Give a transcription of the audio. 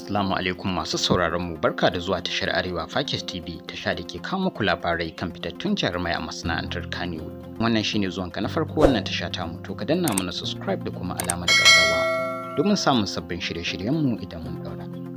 Assalamu alaikum masu sauraron mu barka da zuwa tashar Arewa Fakis TV tasha da ke kawo muku labarai kan fitattun jarumai a masana'antar Kano. Wannan shine ka na farko wannan tasha ta mu to ka danna mana subscribe da kuma alamar gaggawa domin samun sabbin shirye-shiryen mu idan mun daura.